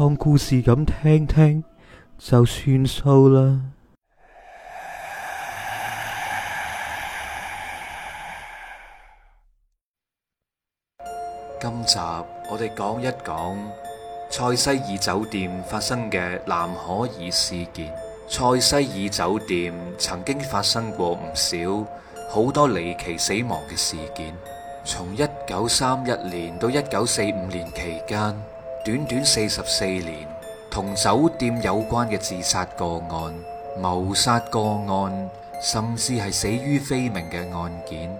當故事咁聽聽就算數啦。今集我哋講一講塞西爾酒店發生嘅藍可兒事件。塞西爾酒店曾經發生過唔少好多離奇死亡嘅事件，從一九三一年到一九四五年期間。短短四十四年，同酒店有關嘅自殺個案、謀殺個案，甚至係死於非命嘅案件，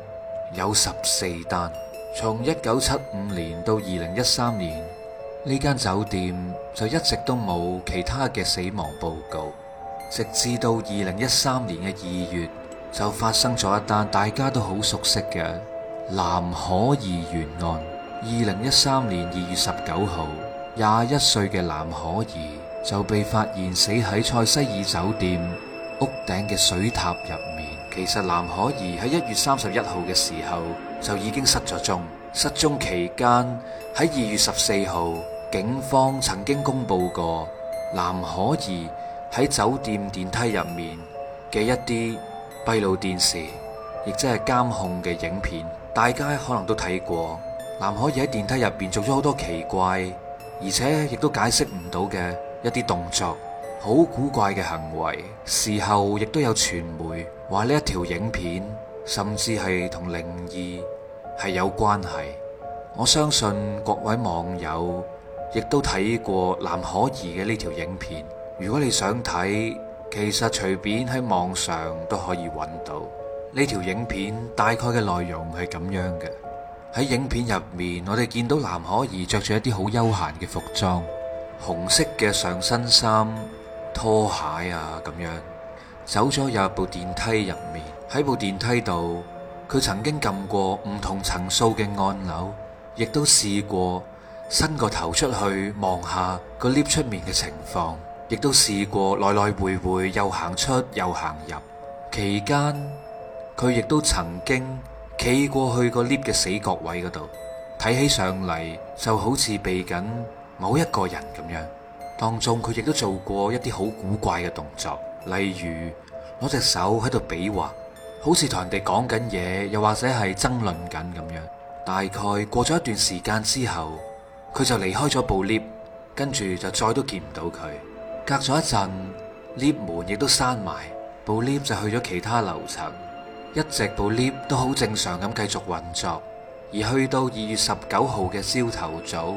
有十四單。從一九七五年到二零一三年，呢間酒店就一直都冇其他嘅死亡報告，直至到二零一三年嘅二月，就發生咗一單大家都好熟悉嘅藍可兒懸案。二零一三年二月十九號。廿一歲嘅藍可兒就被發現死喺塞西爾酒店屋頂嘅水塔入面。其實藍可兒喺一月三十一號嘅時候就已經失咗蹤。失蹤期間喺二月十四號，警方曾經公佈過藍可兒喺酒店電梯入面嘅一啲閉路電視，亦即係監控嘅影片。大家可能都睇過藍可兒喺電梯入邊做咗好多奇怪。而且亦都解釋唔到嘅一啲動作，好古怪嘅行為。事後亦都有傳媒話呢一條影片，甚至係同靈異係有關係。我相信各位網友亦都睇過藍可兒嘅呢條影片。如果你想睇，其實隨便喺網上都可以揾到。呢條影片大概嘅內容係咁樣嘅。喺影片入面，我哋見到藍可兒着住一啲好休閒嘅服裝，紅色嘅上身衫、拖鞋啊咁樣，走咗入部電梯入面。喺部電梯度，佢曾經撳過唔同層數嘅按鈕，亦都試過伸個頭出去望下個 lift 出面嘅情況，亦都試過來來回回又行出又行入。期間，佢亦都曾經，企過去個 lift 嘅死角位嗰度，睇起上嚟就好似避緊某一個人咁樣。當中佢亦都做過一啲好古怪嘅動作，例如攞隻手喺度比劃，好似同人哋講緊嘢，又或者係爭論緊咁樣。大概過咗一段時間之後，佢就離開咗部 lift，跟住就再都見唔到佢。隔咗一陣，lift 門亦都閂埋，部 lift 就去咗其他樓層。一直部 lift 都好正常咁繼續運作，而去到二月十九號嘅朝頭早，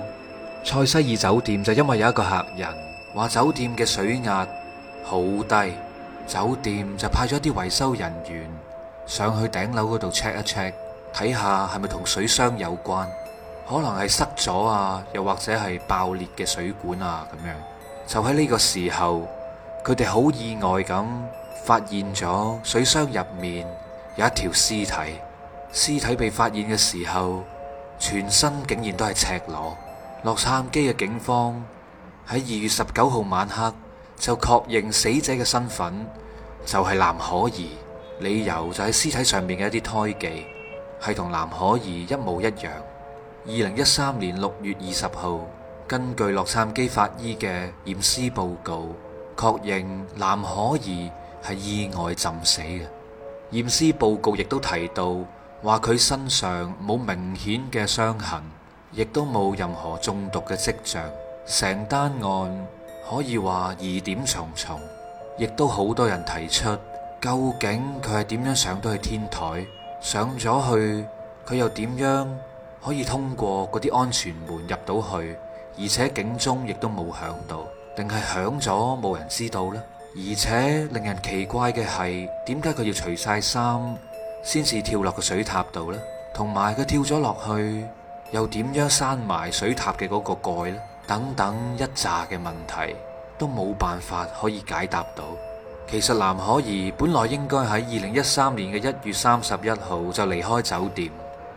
塞西爾酒店就因為有一個客人話酒店嘅水壓好低，酒店就派咗啲維修人員上去頂樓嗰度 check 一 check，睇下係咪同水箱有關，可能係塞咗啊，又或者係爆裂嘅水管啊咁樣。就喺呢個時候，佢哋好意外咁發現咗水箱入面。有一條屍體，屍體被發現嘅時候，全身竟然都係赤裸。洛杉磯嘅警方喺二月十九號晚黑就確認死者嘅身份就係藍可兒，理由就係屍體上面嘅一啲胎記係同藍可兒一模一樣。二零一三年六月二十號，根據洛杉磯法醫嘅驗屍報告，確認藍可兒係意外浸死嘅。驗屍報告亦都提到，話佢身上冇明顯嘅傷痕，亦都冇任何中毒嘅跡象。成單案可以話疑點重重，亦都好多人提出，究竟佢係點樣上到去天台？上咗去，佢又點樣可以通過嗰啲安全門入到去？而且警鐘亦都冇響到，定係響咗冇人知道呢？而且令人奇怪嘅係，點解佢要除晒衫，先至跳落個水塔度咧？同埋佢跳咗落去，又點樣閂埋水塔嘅嗰個蓋咧？等等一紮嘅問題都冇辦法可以解答到。其實藍可兒本來應該喺二零一三年嘅一月三十一號就離開酒店，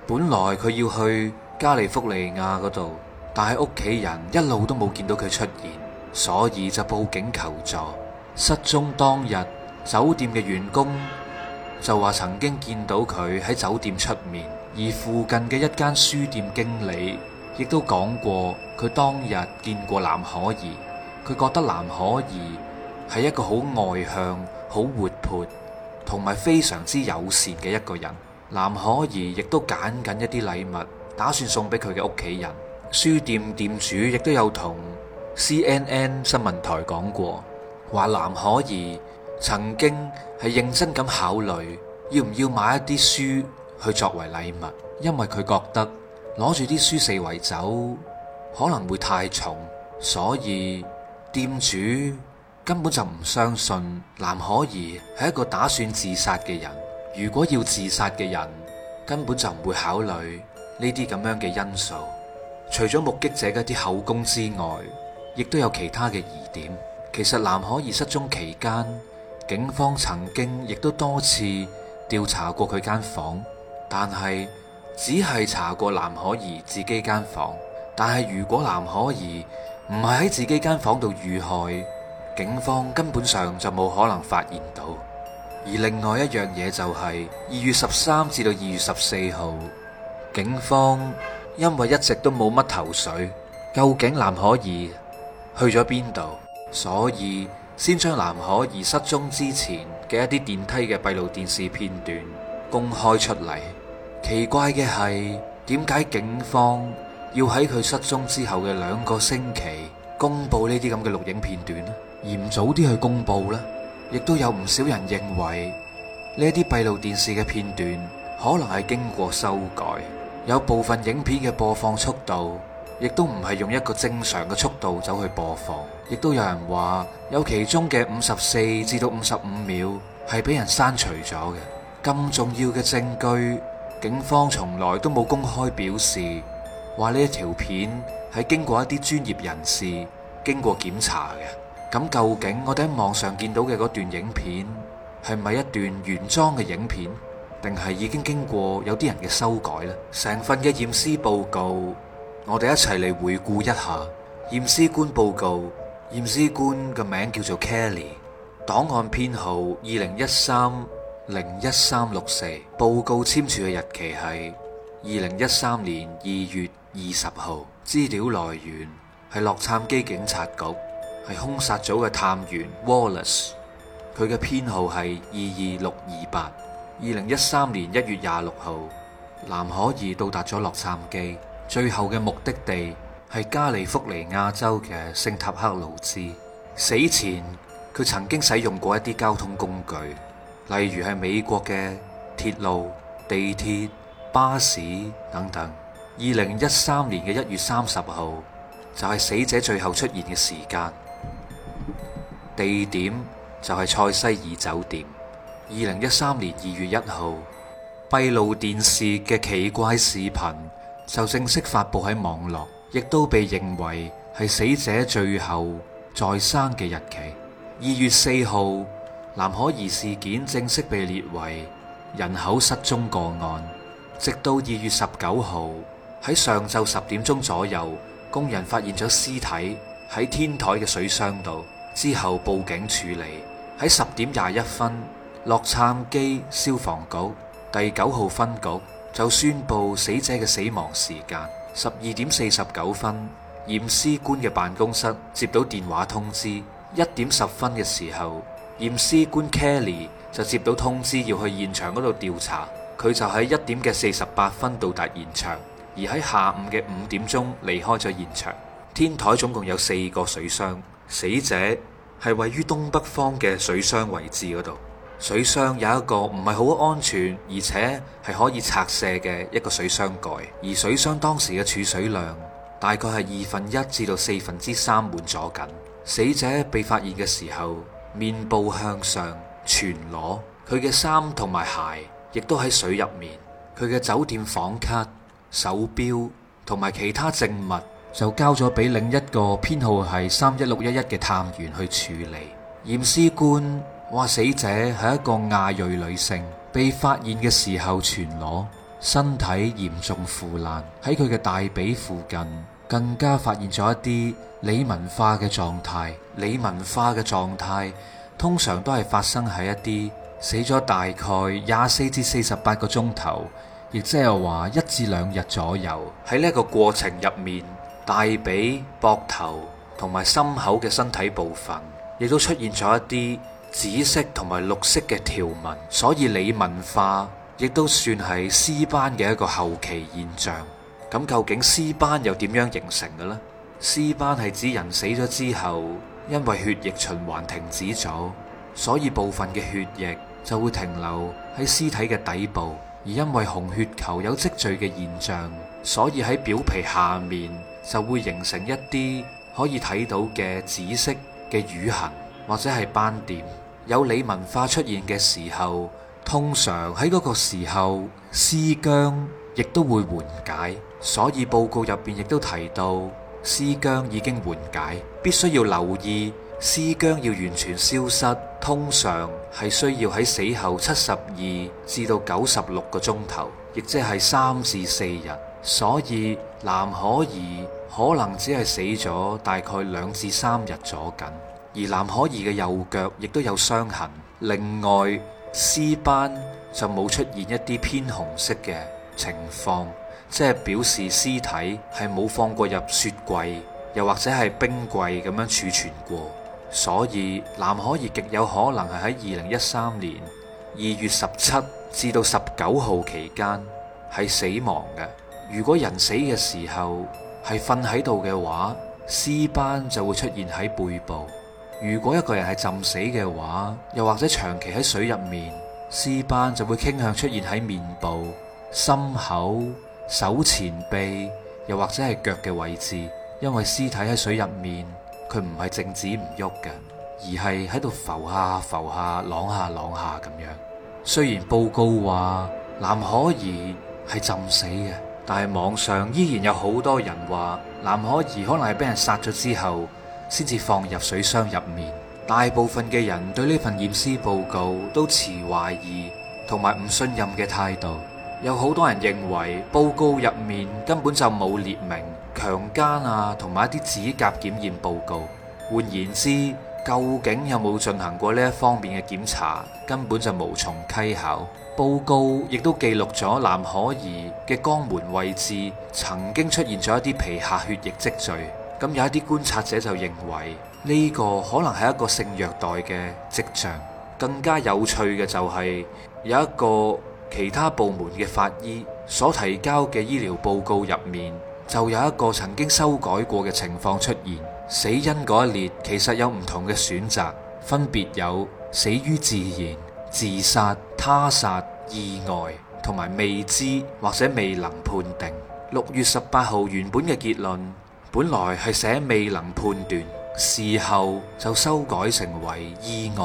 本來佢要去加利福尼亞嗰度，但係屋企人一路都冇見到佢出現，所以就報警求助。失蹤當日，酒店嘅員工就話曾經見到佢喺酒店出面，而附近嘅一間書店經理亦都講過佢當日見過藍可兒。佢覺得藍可兒係一個好外向、好活潑同埋非常之友善嘅一個人。藍可兒亦都揀緊一啲禮物，打算送俾佢嘅屋企人。書店店主亦都有同 CNN 新聞台講過。話藍可兒曾經係認真咁考慮要唔要買一啲書去作為禮物，因為佢覺得攞住啲書四圍走可能會太重，所以店主根本就唔相信藍可兒係一個打算自殺嘅人。如果要自殺嘅人，根本就唔會考慮呢啲咁樣嘅因素。除咗目擊者嘅啲口供之外，亦都有其他嘅疑點。其實藍可兒失蹤期間，警方曾經亦都多次調查過佢間房，但係只係查過藍可兒自己間房。但係如果藍可兒唔係喺自己間房度遇害，警方根本上就冇可能發現到。而另外一樣嘢就係、是、二月十三至到二月十四號，警方因為一直都冇乜頭緒，究竟藍可兒去咗邊度？所以先將藍可兒失蹤之前嘅一啲電梯嘅閉路電視片段公開出嚟。奇怪嘅係，點解警方要喺佢失蹤之後嘅兩個星期公布呢啲咁嘅錄影片段呢？而唔早啲去公佈呢？亦都有唔少人認為呢啲閉路電視嘅片段可能係經過修改，有部分影片嘅播放速度。亦都唔係用一個正常嘅速度走去播放，亦都有人話有其中嘅五十四至到五十五秒係俾人刪除咗嘅。咁重要嘅證據，警方從來都冇公開表示話呢一條片係經過一啲專業人士經過檢查嘅。咁究竟我哋喺網上見到嘅嗰段影片係咪一段原裝嘅影片，定係已經經過有啲人嘅修改呢？成份嘅驗屍報告。我哋一齊嚟回顧一下驗屍官報告。驗屍官嘅名叫做 Kelly，檔案編號二零一三零一三六四。64，報告簽署嘅日期係二零一三年二月二十號。資料來源係洛杉磯警察局，係兇殺組嘅探員 Wallace。佢嘅編號係二二六二八。二零一三年一月廿六號，藍可兒到達咗洛杉磯。最後嘅目的地係加利福尼亞州嘅聖塔克魯茲。死前佢曾經使用過一啲交通工具，例如係美國嘅鐵路、地鐵、巴士等等。二零一三年嘅一月三十號就係死者最後出現嘅時間，地點就係塞西爾酒店。二零一三年二月一號，閉路電視嘅奇怪視頻。就正式發佈喺網絡，亦都被認為係死者最後在生嘅日期。二月四號，藍可兒事件正式被列為人口失蹤個案。直到二月十九號喺上晝十點鐘左右，工人發現咗屍體喺天台嘅水箱度，之後報警處理。喺十點廿一分，洛杉磯消防局第九號分局。就宣布死者嘅死亡時間十二點四十九分，驗屍官嘅辦公室接到電話通知。一點十分嘅時候，驗屍官 Kelly 就接到通知要去現場嗰度調查。佢就喺一點嘅四十八分到達現場，而喺下午嘅五點鐘離開咗現場。天台總共有四個水箱，死者係位於東北方嘅水箱位置嗰度。水箱有一個唔係好安全，而且係可以拆卸嘅一個水箱蓋。而水箱當時嘅儲水量大概係二分一至到四分之三滿咗緊。死者被發現嘅時候，面部向上，全裸，佢嘅衫同埋鞋亦都喺水入面。佢嘅酒店房卡、手錶同埋其他證物就交咗俾另一個編號係三一六一一嘅探員去處理。驗屍官。話死者係一個亞裔女性，被發現嘅時候全裸，身體嚴重腐爛。喺佢嘅大髀附近，更加發現咗一啲李文化嘅狀態。李文化嘅狀態通常都係發生喺一啲死咗大概廿四至四十八個鐘頭，亦即係話一至兩日左右。喺呢個過程入面，大髀、膊頭同埋心口嘅身體部分，亦都出現咗一啲。紫色同埋綠色嘅條紋，所以李文化亦都算係屍斑嘅一個後期現象。咁究竟屍斑又點樣形成嘅呢？屍斑係指人死咗之後，因為血液循環停止咗，所以部分嘅血液就會停留喺屍體嘅底部，而因為紅血球有積聚嘅現象，所以喺表皮下面就會形成一啲可以睇到嘅紫色嘅瘀痕，或者係斑點。有李文化出現嘅時候，通常喺嗰個時候屍僵亦都會緩解，所以報告入邊亦都提到屍僵已經緩解，必須要留意屍僵要完全消失，通常係需要喺死後七十二至到九十六個鐘頭，亦即係三至四日。所以藍可兒可能只係死咗大概兩至三日左右。而藍可兒嘅右腳亦都有傷痕，另外屍斑就冇出現一啲偏紅色嘅情況，即係表示屍體係冇放過入雪櫃，又或者係冰櫃咁樣儲存過，所以藍可兒極有可能係喺二零一三年二月十七至到十九號期間係死亡嘅。如果人死嘅時候係瞓喺度嘅話，屍斑就會出現喺背部。如果一個人係浸死嘅話，又或者長期喺水入面，屍斑就會傾向出現喺面部、心口、手前臂，又或者係腳嘅位置，因為屍體喺水入面，佢唔係靜止唔喐嘅，而係喺度浮下浮下、啷下啷下咁樣。雖然報告話藍可兒係浸死嘅，但係網上依然有好多人話藍可兒可能係俾人殺咗之後，先至放入水箱入面。大部分嘅人對呢份驗屍報告都持懷疑同埋唔信任嘅態度。有好多人認為報告入面根本就冇列明強姦啊，同埋一啲指甲檢驗報告。換言之，究竟有冇進行過呢一方面嘅檢查，根本就無從稽考。報告亦都記錄咗藍可兒嘅肛門位置曾經出現咗一啲皮下血液積聚。咁有一啲觀察者就認為，呢個可能係一個性虐待嘅跡象。更加有趣嘅就係，有一個其他部門嘅法醫所提交嘅醫療報告入面，就有一個曾經修改過嘅情況出現。死因嗰一列其實有唔同嘅選擇，分別有死於自然、自殺、他殺、意外同埋未知或者未能判定。六月十八號原本嘅結論，本來係寫未能判斷，事後就修改成為意外。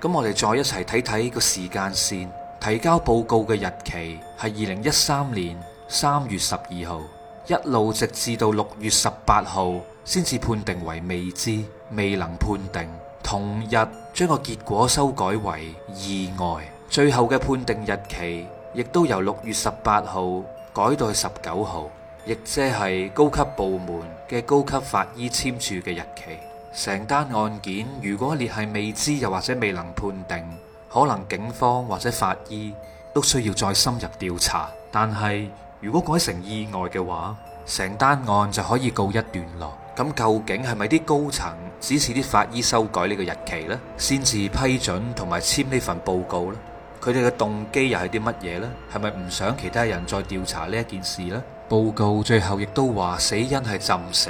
咁我哋再一齊睇睇個時間線，提交報告嘅日期係二零一三年三月十二號，一路直至到六月十八號，先至判定為未知、未能判定。同日將個結果修改為意外，最後嘅判定日期亦都由六月十八號改到去十九號。亦即係高級部門嘅高級法醫簽署嘅日期，成單案件如果你係未知又或者未能判定，可能警方或者法醫都需要再深入調查。但係如果改成意外嘅話，成單案就可以告一段落。咁究竟係咪啲高層指示啲法醫修改呢個日期呢？先至批准同埋簽呢份報告呢？佢哋嘅動機又係啲乜嘢呢？係咪唔想其他人再調查呢一件事呢？報告最後亦都話死因係浸死，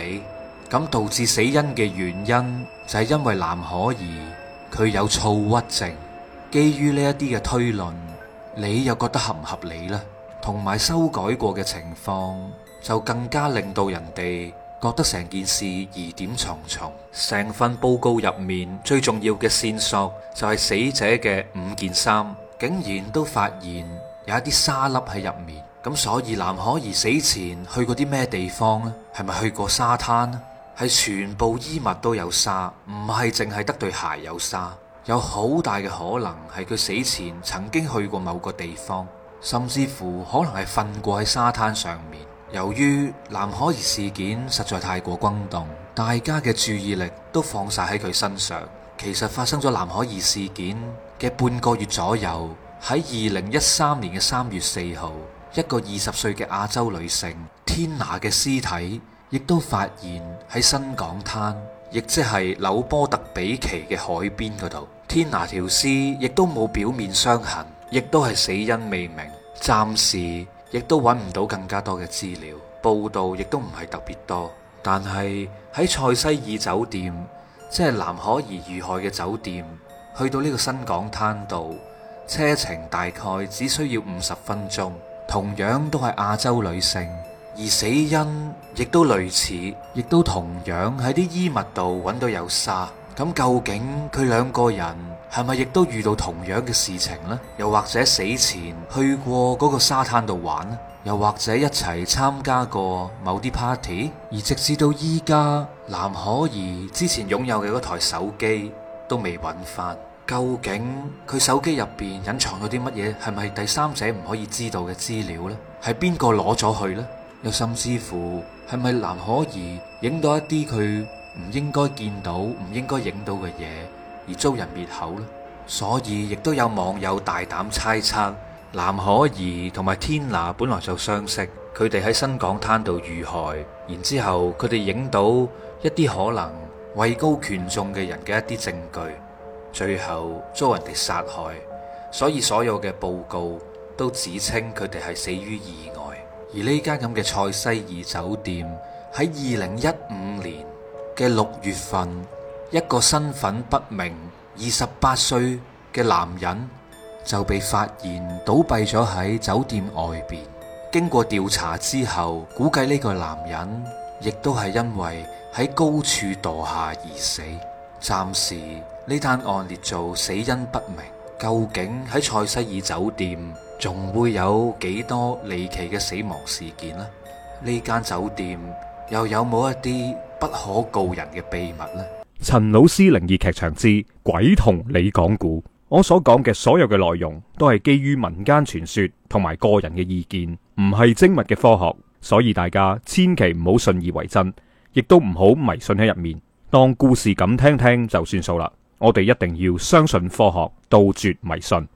咁導致死因嘅原因就係因為藍可兒，佢有躁鬱症。基於呢一啲嘅推論，你又覺得合唔合理呢？同埋修改過嘅情況就更加令到人哋覺得成件事疑點重重。成份報告入面最重要嘅線索就係死者嘅五件衫，竟然都發現有一啲沙粒喺入面。咁所以，藍可兒死前去過啲咩地方呢？係咪去過沙灘？係全部衣物都有沙，唔係淨係得對鞋有沙，有好大嘅可能係佢死前曾經去過某個地方，甚至乎可能係瞓過喺沙灘上面。由於藍可兒事件實在太過轟動，大家嘅注意力都放晒喺佢身上。其實發生咗藍可兒事件嘅半個月左右，喺二零一三年嘅三月四號。一個二十歲嘅亞洲女性天拿嘅屍體亦都發現喺新港灘，亦即係紐波特比奇嘅海邊嗰度。天拿條屍亦都冇表面傷痕，亦都係死因未明，暫時亦都揾唔到更加多嘅資料，報道亦都唔係特別多。但係喺塞西爾酒店，即係藍可兒遇害嘅酒店，去到呢個新港灘度，車程大概只需要五十分鐘。同樣都係亞洲女性，而死因亦都類似，亦都同樣喺啲衣物度揾到有沙。咁究竟佢兩個人係咪亦都遇到同樣嘅事情呢？又或者死前去過嗰個沙灘度玩？又或者一齊參加過某啲 party？而直至到依家，藍可兒之前擁有嘅嗰台手機都未揾翻。究竟佢手機入邊隱藏咗啲乜嘢？係咪第三者唔可以知道嘅資料呢？係邊個攞咗去呢？又甚至乎係咪藍可兒影到一啲佢唔應該見到、唔應該影到嘅嘢而遭人滅口呢？所以亦都有網友大膽猜測，藍可兒同埋天拿本來就相識，佢哋喺新港灘度遇害，然之後佢哋影到一啲可能位高權重嘅人嘅一啲證據。最後遭人哋殺害，所以所有嘅報告都指稱佢哋係死於意外。而呢間咁嘅塞西爾酒店喺二零一五年嘅六月份，一個身份不明、二十八歲嘅男人就被發現倒斃咗喺酒店外邊。經過調查之後，估計呢個男人亦都係因為喺高處墮下而死。暫時。呢單案列做死因不明，究竟喺塞西爾酒店仲會有幾多離奇嘅死亡事件呢？呢間酒店又有冇一啲不可告人嘅秘密呢？陳老師靈異劇場之「鬼同你講故」，我所講嘅所有嘅內容都係基於民間傳說同埋個人嘅意見，唔係精密嘅科學，所以大家千祈唔好信以為真，亦都唔好迷信喺入面，當故事咁聽聽就算數啦。我哋一定要相信科學，杜絕迷信。